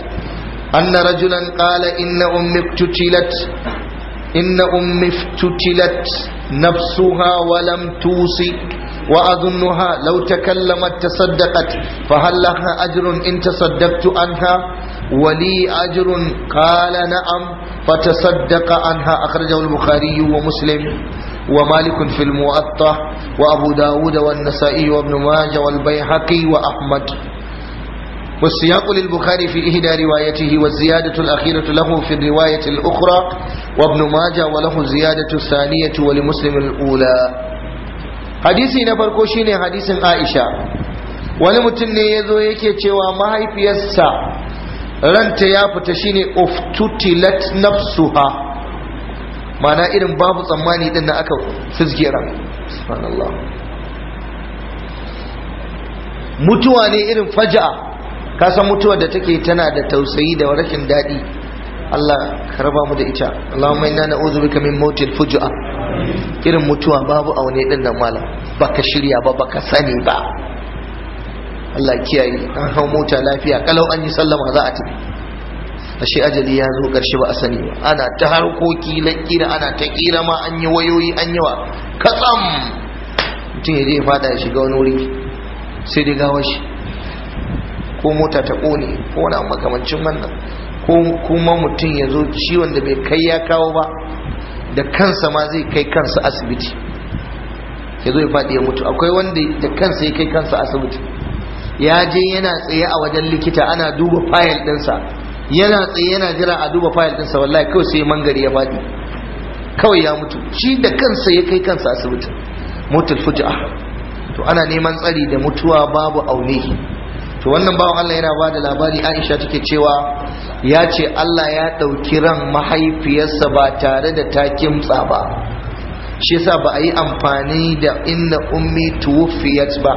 anna rajulan qala inna ummi qutilat إن أمي افتتلت نفسها ولم توصي وأظنها لو تكلمت تصدقت فهل لها أجر إن تصدقت عنها ولي أجر قال نعم فتصدق عنها أخرجه البخاري ومسلم ومالك في الموطأ وأبو داود والنسائي وابن ماجه والبيهقي وأحمد والسياق للبخاري في إهدى روايته والزيادة الأخيرة له في الرواية الأخرى وابن ماجه وله الزيادة الثانية ولمسلم الأولى حديثي نفرقو شيني حديث عائشة ولمتن يذو يكي تشوى ما هي بيسا رنت يا فتشيني افتتلت نفسها ma'ana irin babu tsammani din da aka fizgira subhanallah mutuwa ne irin faja'a ka san mutuwar da take tana da tausayi da rashin daɗi Allah ka raba mu da ita Allahumma inna na'udhu bika min mautil fujua irin mutuwa babu aune din nan mala baka shirya ba baka sani ba Allah kiyaye an hau mota lafiya kalau an yi sallama za a tafi ashe ajali ya zo karshe ba a sani ba ana ta harkoki na kira ana ta kira ma an yi wayoyi an yi wa katsam mutum ya je ya fada ya shiga wani wuri sai dai gawar shi ko mota ta ƙone ko wani makamancin wannan ko kuma mutum ya zo ciwon da bai kai ya kawo ba da kansa ma zai kai kansa asibiti ya zo ya faɗi ya mutu akwai wanda da kansa ya kai kansa asibiti ya je yana tsaye a wajen likita ana duba fayil ɗinsa yana tsaye yana jira a duba fayil ɗinsa wallahi kawai sai mangari ya faɗi kawai ya mutu shi da kansa ya kai kansa asibiti mutul fuji'a to ana neman tsari da mutuwa babu aune to wannan bawan Allah yana ba da labari Aisha take cewa ya ce Allah ya ɗauki ran mahaifiyarsa ba tare da ta kimtsa ba shi yasa ba a yi amfani da inna ummi tuwfiyat ba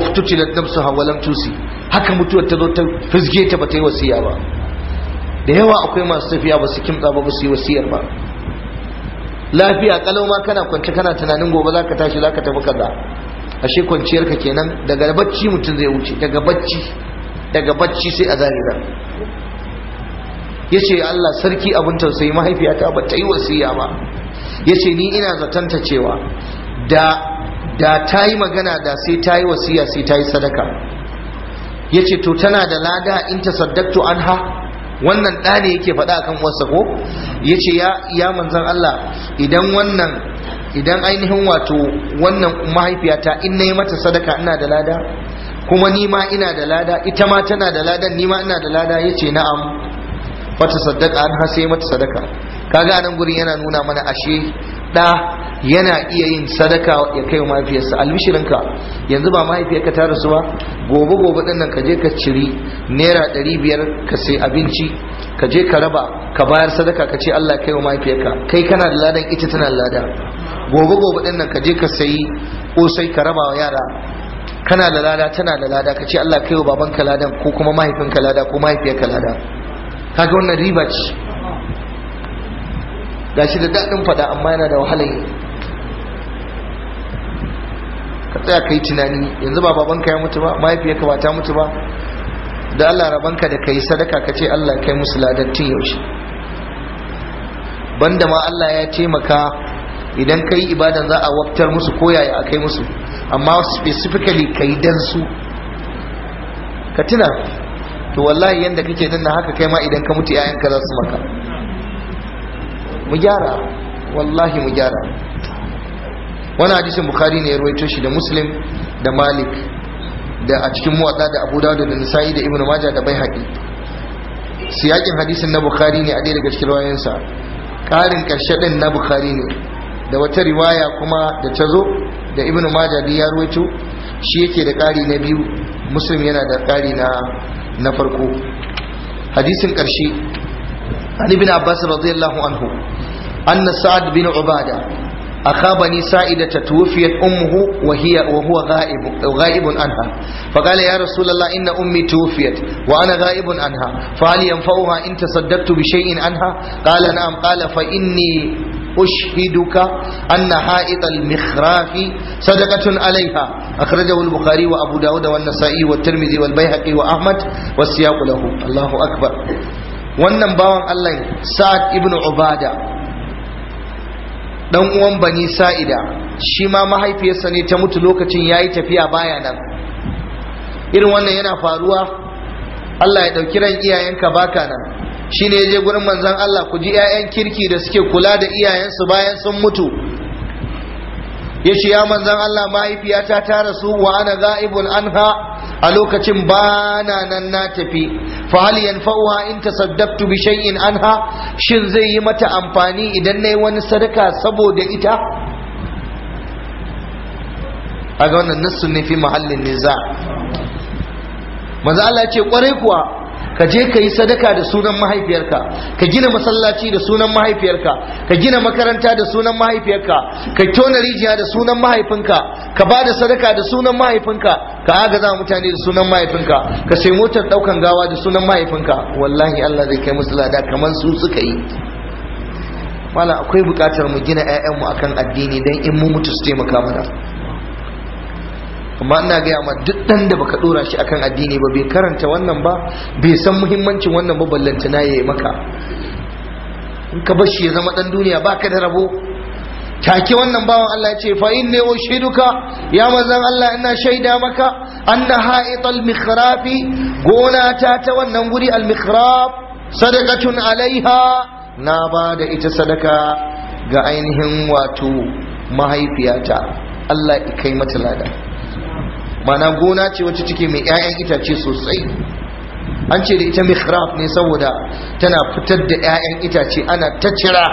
uftutilat nafsuha wa tusi haka mutuwar ta zo ta fizge ta ta yi wasiya ba da yawa akwai masu tafiya ba su kimtsa ba ba su yi wasiyar ba lafiya kalau ma kana kwance kana tunanin gobe zaka tashi zaka tafi kaza ashe kwanciyarka ka kenan daga bacci mutum zai wuce daga bacci daga bacci sai a zariya yace Allah sarki abin tausayi mahaifiyata ba ta yi wasiya ba yace ni ina ta cewa da da ta yi magana da sai ta yi wasiya sai ta yi sadaka yace to tana da lada in ta saddaktu Anha? wannan ɗa ne yake faɗa akan wasa ko ya ya manzan Allah idan wannan idan ainihin wato wannan mahaifiyata in na yi mata sadaka ina da lada kuma ni ma ina da lada ita ma tana da ladan ni ma ina da lada ya ce na'am wata sadaka an sai mata sadaka kaga nan gurin yana nuna mana ashe ɗa yana iya yin sadaka ya kai mahaifiyarsa albishirinka yanzu ba mahaifiyarka ta rasu ba gobe gobe din nan ka je ka ciri naira ɗari biyar ka sai abinci ka je ka raba ka bayar sadaka ka ce Allah kai wa mahaifiyarka kai kana da ladan ita tana da lada gobe gobe din nan ka je ka sayi ƙosai ka raba wa yara kana da lada tana da lada ka ce Allah kai wa babanka ladan ko kuma mahaifinka lada ko mahaifiyarka lada kaga wannan riba ce ga shi da daɗin faɗa amma yana da wahalar yi ka tsaya yi tunani yanzu ba babanka ya mutu ba mahaifiyarka ba ta mutu ba da Allah rabanka da ka yi sadaka ka ce Allah kai musu ladattin yaushe banda ma Allah ya taimaka idan ka yi ibadan za a waktar musu koyaya a kai musu amma specifically yi dan su ka tuna to wallahi yadda kake na haka kai ma idan ka mutu yayanka za su maka mu gyara wallahi mu gyara wani hadisin bukari ne ya ruwaito shi da muslim da malik da a cikin muwaɗa da abu dawud da nisa'i da ibnu majah da haɗi siyakin hadisin na bukari ne a ɗaya daga cikin riwayoyinsa ƙarin ƙarshe ɗin na bukari ne da wata riwaya kuma da ta zo da ibnu majah da ya ruwaito shi yake da ƙari na biyu muslim yana da ƙari na farko hadisin ƙarshe عن ابن عباس رضي الله عنه أن سعد بن عبادة أخا بني سائدة توفيت أمه وهي وهو غائب غائب عنها فقال يا رسول الله إن أمي توفيت وأنا غائب عنها فهل ينفعها إن تصدقت بشيء عنها قال نعم قال فإني أشهدك أن حائط المخراف صدقة عليها أخرجه البخاري وأبو داود والنسائي والترمذي والبيهقي وأحمد والسياق له الله أكبر wannan bawan Allah Sa'ad ibn Ubada ɗan uwan bani Sa'ida shi ma mahaifiyarsa ne ta mutu lokacin yayi tafiya baya nan irin wannan yana faruwa Allah ya ɗauki ran iyayenka baka nan Shi ne ya je gurin manzon Allah ku ji 'ya'yan kirki da suke kula da iyayensu bayan sun mutu ya ce ya manzan Allah mahaifiyata ta rasu wa ana ga'ibun anha a lokacin ba na nan na tafi fa hal yanfa'uha in tasaddaqtu bi shay'in anha shin zai yi mata amfani idan nayi wani sadaka saboda ita aga wannan nassu ne fi mahallin niza manzo Allah ce kwarai kuwa ka je ka yi sadaka da sunan mahaifiyarka ka gina masallaci da sunan mahaifiyarka ka gina makaranta da sunan mahaifiyarka ka tona rijiya da sunan mahaifinka ka ba da sadaka da sunan mahaifinka ka agaza mutane da sunan mahaifinka ka sai motar daukan gawa da sunan mahaifinka wallahi Allah zai kai musu lada kamar su suka yi mala akwai bukatar mu gina 'ya'yanmu akan addini dan in mu mutu su taimaka mana amma ina gaya ma duk ɗan da baka ɗora shi akan addini ba bai karanta wannan ba bai san muhimmancin wannan ba ballanta ya yi maka in ka bar shi ya zama ɗan duniya baka da rabo take wannan bawan Allah ya ce fa inni ushiduka ya mazan Allah ina shaida maka anna ha'ital mikhrafi gona ta ta wannan guri al mikhraf sadaqatun alaiha na ba da ita sadaka ga ainihin wato mahaifiyata Allah ya kai mata lada mana gona ce wacce cike mai 'ya'yan itace sosai an ce da ita mihrab ne saboda tana fitar da 'ya'yan itace ana ta cira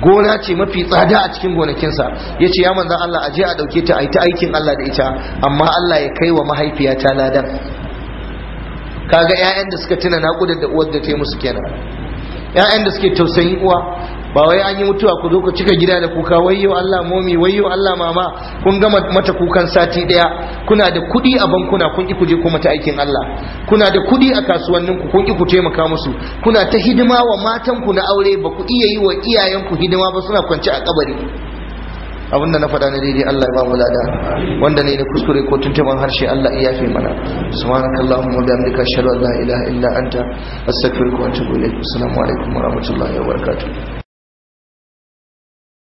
gona ce mafi tsada a cikin gonakinsa ya ce ya manzan Allah a je a ɗauke ta a yi ta aikin Allah da ita amma Allah ya kai wa mahaifiyata ladan kaga 'ya'yan da suka tuna naƙudar da uwar da ta yi musu kenan 'ya'yan da suke tausayin uwa ba wai an yi mutuwa ku zo ku cika gida da kuka wayyo Allah momi wayyo Allah mama kun gama mata kukan sati daya kuna da kuɗi a bankuna kun ki kuje kuma mata aikin Allah kuna da kuɗi a kasuwannin ku kun ki ku taimaka musu kuna ta hidima wa matan ku na aure ba ku iya yi wa iyayen ku hidima ba suna kwance a kabari da na faɗa na daidai Allah ya ba mu lada wanda ne na kuskure ko tuntuban harshe Allah ya yafe mana subhanakallahumma wa bihamdika ashhadu an la ilaha illa anta astaghfiruka wa atubu ilaik assalamu alaikum wa rahmatullahi wa barakatuh